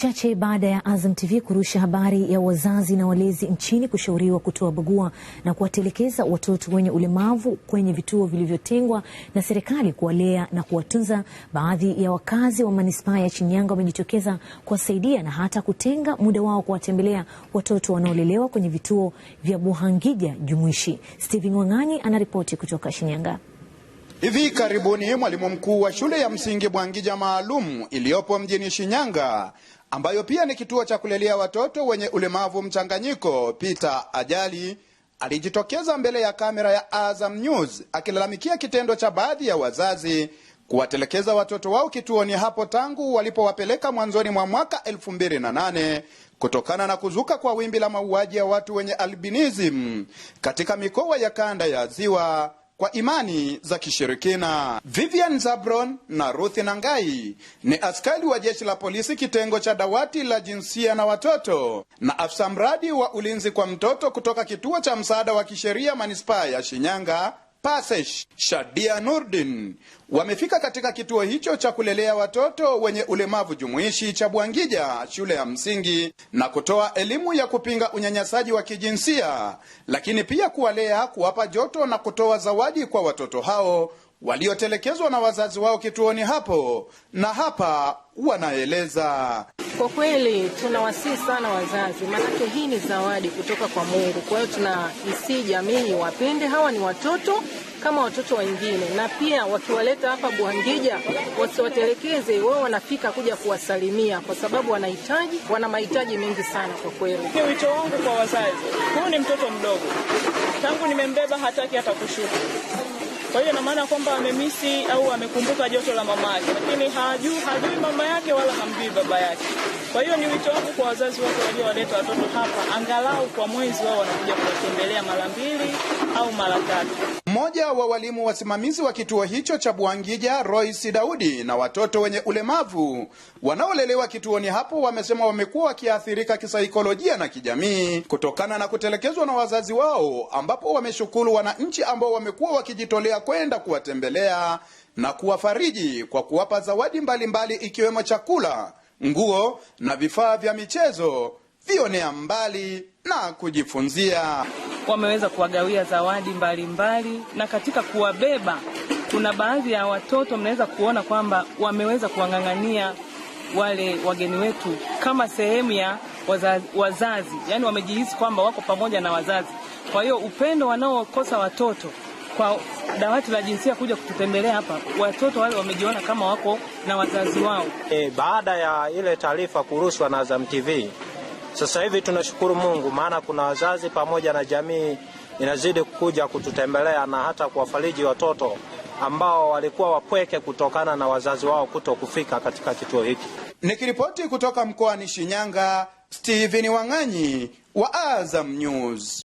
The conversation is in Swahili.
chache baada ya Azam TV kurusha habari ya wazazi na walezi nchini kushauriwa kutoa bagua na kuwatelekeza watoto wenye ulemavu kwenye vituo vilivyotengwa na serikali kuwalea na kuwatunza, baadhi ya wakazi wa manispaa ya Shinyanga wamejitokeza kuwasaidia na hata kutenga muda wao kuwatembelea watoto wanaolelewa kwenye vituo vya Buhangija jumuishi. Steven Wang'anyi anaripoti kutoka Shinyanga. Hivi karibuni mwalimu mkuu wa shule ya msingi Buhangija maalum iliyopo mjini Shinyanga ambayo pia ni kituo cha kulelea watoto wenye ulemavu mchanganyiko, Peter Ajali alijitokeza mbele ya kamera ya Azam News akilalamikia kitendo cha baadhi ya wazazi kuwatelekeza watoto wao kituoni hapo tangu walipowapeleka mwanzoni mwa mwaka 2008 kutokana na kuzuka kwa wimbi la mauaji ya watu wenye albinism katika mikoa ya kanda ya Ziwa, kwa imani za kishirikina. Vivian Zabron na Ruth Nangai ni askari wa jeshi la polisi kitengo cha dawati la jinsia na watoto na afisa mradi wa ulinzi kwa mtoto kutoka kituo cha msaada wa kisheria manispaa ya Shinyanga Pasesh, Shadia Nurdin wamefika katika kituo hicho cha kulelea watoto wenye ulemavu jumuishi cha Bwangija shule ya msingi na kutoa elimu ya kupinga unyanyasaji wa kijinsia, lakini pia kuwalea, kuwapa joto na kutoa zawadi kwa watoto hao waliotelekezwa na wazazi wao kituoni hapo, na hapa wanaeleza. Kwa kweli tunawasihi sana wazazi, maanake hii ni zawadi kutoka kwa Mungu. Kwa hiyo tunaisii jamii wapende, hawa ni watoto kama watoto wengine, na pia wakiwaleta hapa Bwangija wasiwatelekeze. Wao wanafika kuja kuwasalimia, kwa sababu wanahitaji, wana mahitaji mengi sana kwa kweli. Ni wito wangu kwa wazazi, huyu ni mtoto mdogo, tangu nimembeba hataki hata kushuka kwa hiyo ina maana kwamba amemisi au amekumbuka joto la mama yake, lakini hajui hajui mama yake wala hamjui baba yake. Kwa hiyo ni wito wangu kwa wazazi wote waliowaleta watoto hapa, angalau kwa mwezi wao wanakuja kuwatembelea mara mbili au mara tatu. Mmoja wa walimu wasimamizi wa kituo hicho cha Bwangija, Royce Daudi, na watoto wenye ulemavu wanaolelewa kituoni hapo wamesema wamekuwa wakiathirika kisaikolojia na kijamii kutokana na kutelekezwa na wazazi wao, ambapo wameshukuru wananchi ambao wamekuwa wakijitolea kwenda kuwatembelea na kuwafariji kwa kuwapa zawadi mbalimbali ikiwemo chakula nguo na vifaa vya michezo vionea mbali na kujifunzia. Wameweza kuwagawia zawadi mbalimbali mbali, na katika kuwabeba kuna baadhi ya watoto mnaweza kuona kwamba wameweza kuwang'ang'ania wale wageni wetu kama sehemu ya wazazi, yani Yaani wamejihisi kwamba wako pamoja na wazazi, kwa hiyo upendo wanaokosa watoto kwa dawati la jinsia kuja kututembelea hapa, watoto wale wamejiona kama wako na wazazi wao. E, baada ya ile taarifa kurushwa na Azam TV, sasa hivi tunashukuru Mungu, maana kuna wazazi pamoja na jamii inazidi kuja kututembelea na hata kuwafariji watoto ambao walikuwa wapweke kutokana na wazazi wao kuto kufika katika kituo hiki. Nikiripoti kutoka mkoani Shinyanga, Steven Wang'anyi wa Azam News.